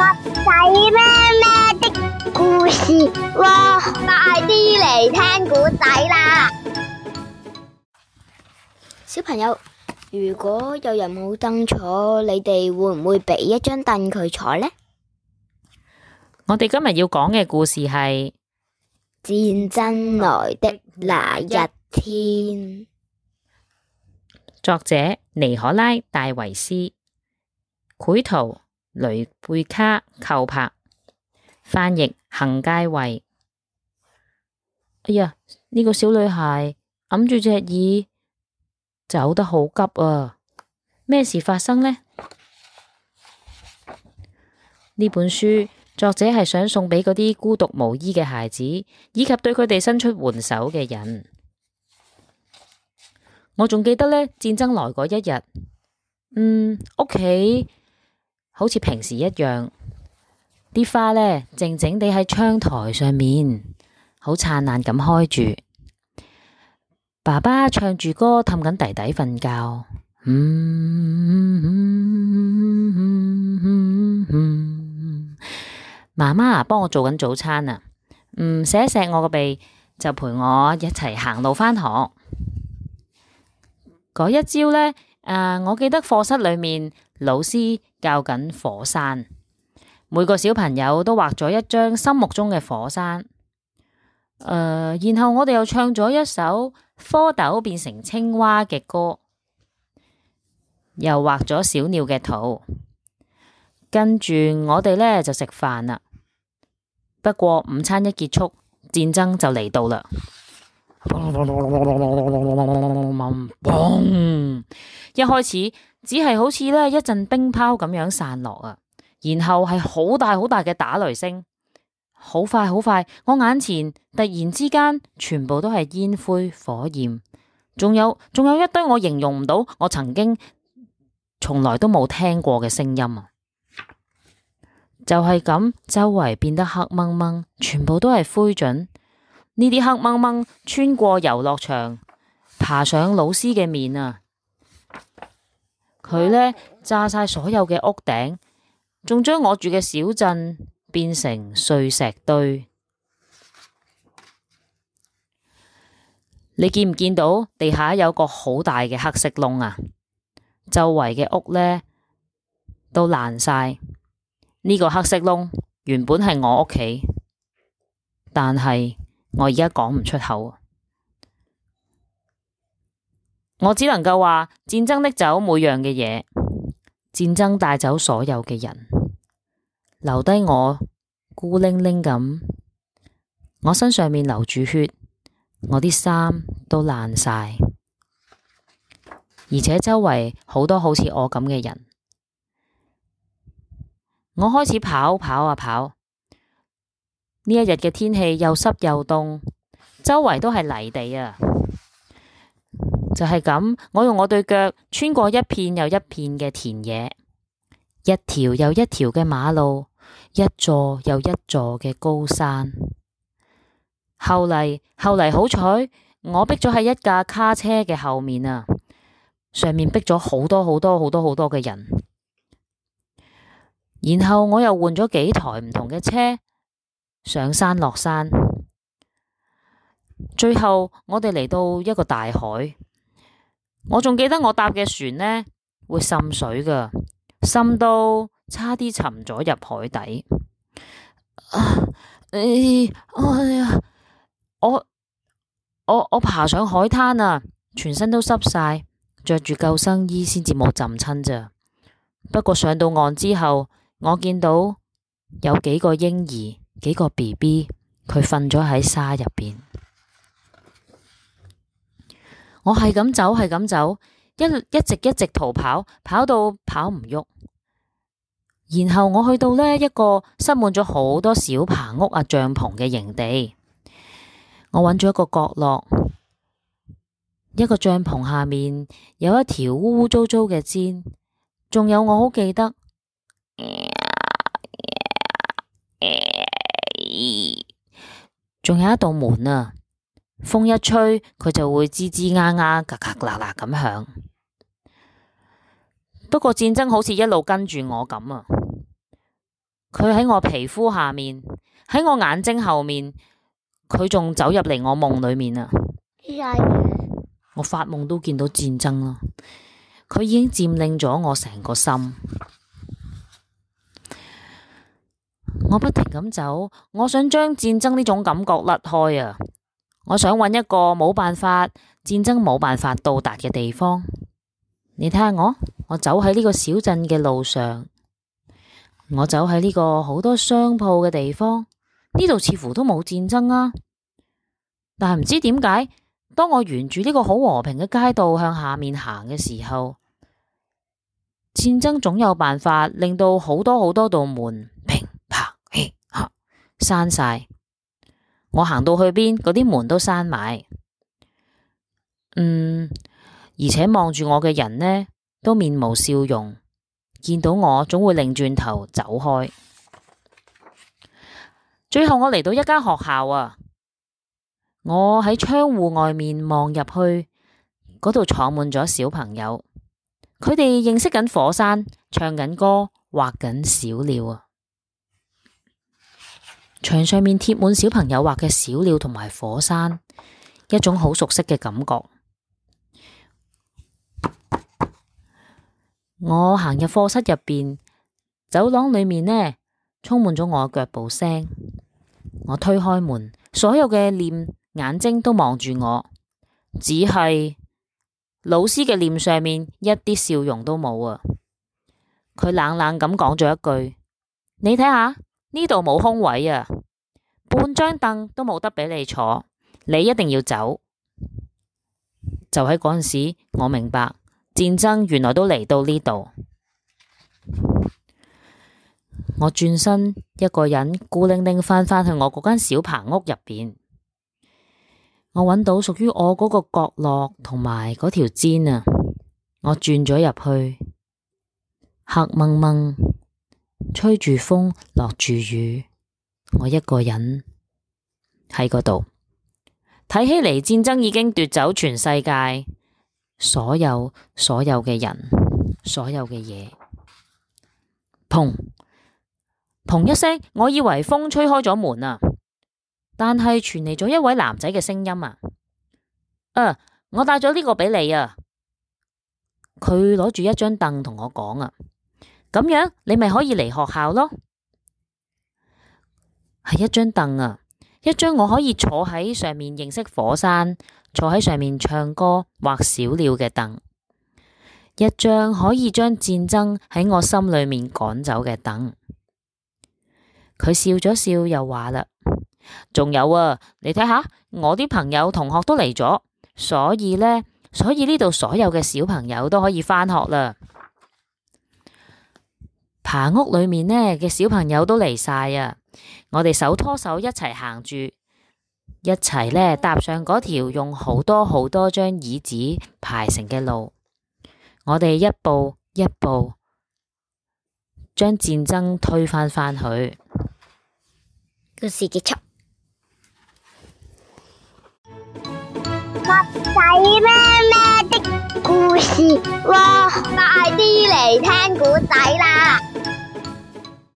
仔咩咩的故事，哇！快啲嚟聽古仔啦，小朋友。如果有人冇凳坐，你哋會唔會俾一張凳佢坐呢？我哋今日要講嘅故事係戰爭來的那一天，作者尼古拉·戴維斯，繪圖。蕾貝卡寇柏，翻譯幸佳慧。哎呀，呢、這個小女孩揞住隻耳，走得好急啊！咩事發生呢？呢本書作者係想送俾嗰啲孤獨無依嘅孩子，以及對佢哋伸出援手嘅人。我仲記得呢，戰爭來嗰一日，嗯，屋企。好似平時一樣，啲花咧靜靜地喺窗台上面，好燦爛咁開住。爸爸唱住歌，氹緊弟弟瞓覺。嗯嗯嗯，嗯，嗯，嗯，嗯，媽媽啊，幫我做緊早餐啊，嗯，錫一錫我個鼻，就陪我一齊行路返學。嗰一朝咧，誒、呃，我記得課室裏面老師。教緊火山，每個小朋友都畫咗一張心目中嘅火山。呃，然後我哋又唱咗一首蝌蚪變成青蛙嘅歌，又畫咗小鳥嘅圖。跟住我哋呢就食飯啦。不過午餐一結束，戰爭就嚟到啦。嗯，一開始。只係好似咧一陣冰雹咁樣散落啊，然後係好大好大嘅打雷聲，好快好快，我眼前突然之間全部都係煙灰火焰，仲有仲有一堆我形容唔到，我曾經從來都冇聽過嘅聲音啊！就係咁，周圍變得黑掹掹，全部都係灰燼。呢啲黑掹掹穿過遊樂場，爬上老師嘅面啊！佢呢炸晒，所有嘅屋頂，仲將我住嘅小鎮變成碎石堆。你見唔見到地下有個好大嘅黑色窿啊？周圍嘅屋呢都爛晒。呢個黑色窿原本係我屋企，但係我而家講唔出口。我只能夠話戰爭拎走每樣嘅嘢，戰爭帶走所有嘅人，留低我孤零零咁。我身上面流住血，我啲衫都爛晒，而且周圍好多好似我咁嘅人。我開始跑，跑啊跑。呢一日嘅天氣又濕又凍，周圍都係泥地啊！就係咁，我用我對腳穿過一片又一片嘅田野，一條又一條嘅馬路，一座又一座嘅高山。後嚟後嚟，好彩，我逼咗喺一架卡車嘅後面啊，上面逼咗好多好多好多好多嘅人。然後我又換咗幾台唔同嘅車，上山落山，最後我哋嚟到一個大海。我仲記得我搭嘅船呢會滲水㗎，滲到差啲沉咗入海底。啊、哎呀，我我我爬上海灘啊，全身都濕晒，着住救生衣先至冇浸親咋。不過上到岸之後，我見到有幾個嬰兒，幾個 BB，佢瞓咗喺沙入邊。我係咁走，係咁走，一，一直一直逃跑，跑到跑唔喐。然後我去到呢一個塞滿咗好多小棚屋啊、帳篷嘅營地，我揾咗一個角落，一個帳篷下面有一條污糟糟嘅氈，仲有我好記得，仲有一道門啊。風一吹，佢就會吱吱呀呀、格格啦啦咁響。不過戰爭好似一路跟住我咁啊！佢喺我皮膚下面，喺我眼睛後面，佢仲走入嚟我夢裏面啊！Yeah. 我發夢都見到戰爭咯，佢已經佔領咗我成個心。我不停咁走，我想將戰爭呢種感覺甩開啊！我想搵一個冇辦法戰爭冇辦法到達嘅地方。你睇下我，我走喺呢個小鎮嘅路上，我走喺呢個好多商鋪嘅地方。呢度似乎都冇戰爭啊，但係唔知點解，當我沿住呢個好和平嘅街道向下面行嘅時候，戰爭總有辦法令到好多好多道門平白歇合閂晒。我行到去邊，嗰啲門都閂埋，嗯，而且望住我嘅人呢，都面無笑容，見到我總會擰轉頭走開。最後我嚟到一間學校啊，我喺窗戶外面望入去，嗰度坐滿咗小朋友，佢哋認識緊火山，唱緊歌，畫緊小鳥啊。牆上面貼滿小朋友畫嘅小鳥同埋火山，一種好熟悉嘅感覺。我行入課室入邊，走廊裏面呢充滿咗我嘅腳步聲。我推開門，所有嘅臉眼睛都望住我，只係老師嘅臉上面一啲笑容都冇啊！佢冷冷咁講咗一句：「你睇下。呢度冇空位啊，半張凳都冇得俾你坐，你一定要走。」就喺嗰陣時，我明白戰爭原來都嚟到呢度。我轉身一個人孤零零翻返去我嗰間小棚屋入邊，我揾到屬於我嗰個角落同埋嗰條氈啊，我轉咗入去，黑矇矇。吹住風，落住雨，我一個人喺嗰度睇起嚟。戰爭已經奪走全世界所有所有嘅人，所有嘅嘢。砰砰一聲，我以為風吹開咗門啊，但係傳嚟咗一位男仔嘅聲音啊。嗯、啊，我帶咗呢個俾你啊。佢攞住一張凳同我講啊。咁樣你咪可以嚟學校咯，係一張凳啊，一張我可以坐喺上面認識火山，坐喺上面唱歌畫小鳥嘅凳，一張可以將戰爭喺我心裏面趕走嘅凳。佢笑咗笑又，又話啦，仲有啊，你睇下我啲朋友同學都嚟咗，所以呢，所以呢度所有嘅小朋友都可以翻學啦。行屋裏面呢嘅小朋友都嚟晒啊！我哋手拖手一齊行住，一齊呢搭上嗰條用好多好多張椅子排成嘅路，我哋一步一步將戰爭推返返去。故事結束。 故事喎，哇，快啲嚟聽故仔啦！